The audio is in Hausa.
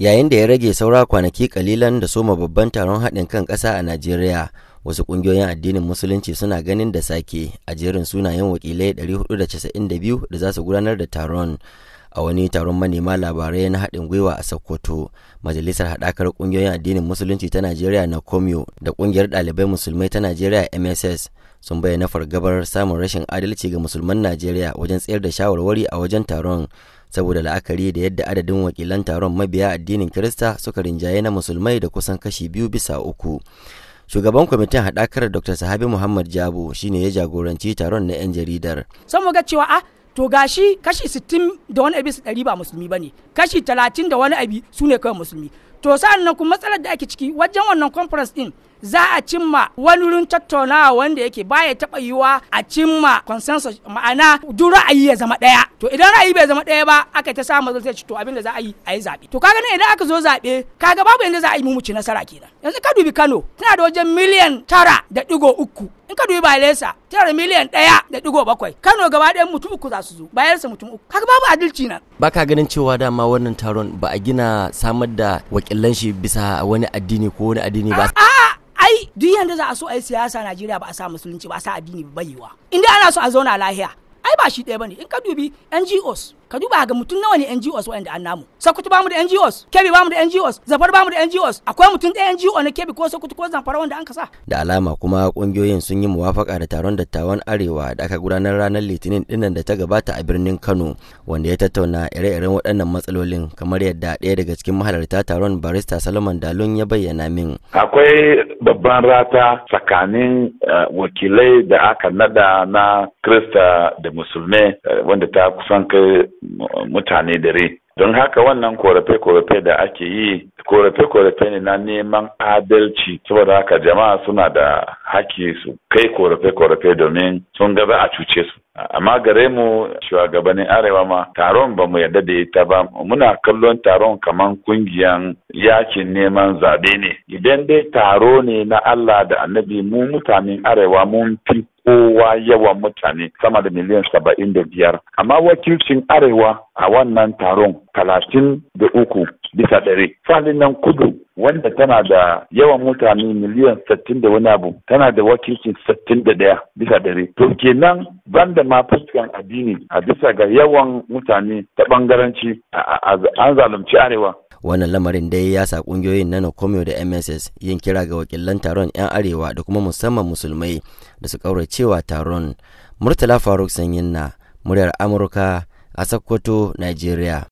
yayin da ya rage saura kwanaki kalilan da soma babban taron haɗin kan ƙasa a najeriya wasu ƙungiyoyin addinin musulunci suna ganin da sake a jerin sunayen wakilai 492 da za su gudanar da taron a wani taron manema labarai na haɗin gwiwa a sokoto majalisar haɗakar ƙungiyoyin addinin musulunci ta najeriya na komyo da ƙungiyar ɗalibai musulmai ta najeriya mss sun bayyana fargabar samun rashin adalci ga musulman najeriya wajen tsayar da shawarwari a wajen taron saboda la'akari da yadda adadin wakilan taron mabiya addinin Kirista suka rinjaye na musulmai da kusan kashi biyu bisa uku. Shugaban kwamitin haɗakar Dr. Sahabi Muhammad Jabo shine ya jagoranci taron na 'yan jaridar. Sun ga cewa a ah, to gashi kashi 60 da wani abi su ɗari ba musulmi ba ne kashi 30 da wani abi su ne kawai musulmi to sa'an nan kuma matsalar da ake ciki wajen wannan conference din za a cimma wani wurin tattaunawa wanda yake baya taɓa yiwa a cimma consensus ma'ana duk ra'ayi ya zama ɗaya to idan ra'ayi bai zama ɗaya ba aka ta samu zai ci to abin da za a yi a yi zaɓe to kaga nan idan aka zo zaɓe kaga babu yadda za a yi mu ci nasara kenan yanzu ka dubi Kano tana da wajen miliyan tara da ɗigo uku in ka dubi Bayelsa tara miliyan ɗaya da ɗigo bakwai Kano gaba ɗaya mutum uku za su zo Bayelsa mutum uku kaga babu adalci nan ba ka ganin cewa dama wannan taron ba a gina samar da maƙillan shi bisa wani addini ko wani addini ba ai duk yanda za a so a yi siyasa Najeriya ba a sa musulunci ba a sa addini ba yiwa. inda ana so a zauna lahiya ai ba shi ɗaya ne in ka dubi NGOs ka duba ga mutum nawa ne NGOs waɗanda an namu ba bamu da NGOs ba bamu da NGOs ba bamu da NGOs akwai mutum ɗaya NGO na kebi ko sakutu ko Zamfara wanda an kasa da alama kuma kungiyoyin sun yi muwafaka da taron dattawan Arewa da aka gudanar ranar Litinin dinnan da ta gabata a birnin Kano wanda ya tattauna ire-iren waɗannan matsalolin kamar yadda ɗaya daga cikin mahalarta taron barista salman Dalun ya bayyana min akwai babban rata tsakanin eh, wakilai da aka nada na Krista da Musulmai eh, wanda ta kusan kai mutane dare don haka wannan korafe-korafe da ake yi korafe-korafe ne na neman adalci saboda haka jama'a suna da haki su kai korafe-korafe domin sun gaba a cuce su amma gare mu shugabannin arewa ma taron ba mu yadda da ita ba muna kallon taron kaman kungiyan yakin neman zaɓe ne idan dai taro ne na Allah da annabi mu mutanen arewa mun fi kowa yawan mutane sama da miliyan saba'in da biyar amma wakilcin arewa a wannan taron talatin da uku bisa ɗari falin nan kudu wanda tana da yawan mutane miliyan sittin da wani abu tana da wakilcin sittin da ɗaya bisa ɗari to kenan da ma fuskan addini a bisa ga yawan mutane ta ɓangaranci an zalunci arewa wannan lamarin dai ya sa kungiyoyin na nokomio da mss yin kira ga wakilan taron 'yan arewa da kuma musamman musulmai da su kauracewa taron murtala faruk sanyin na muryar amurka a sokoto nigeria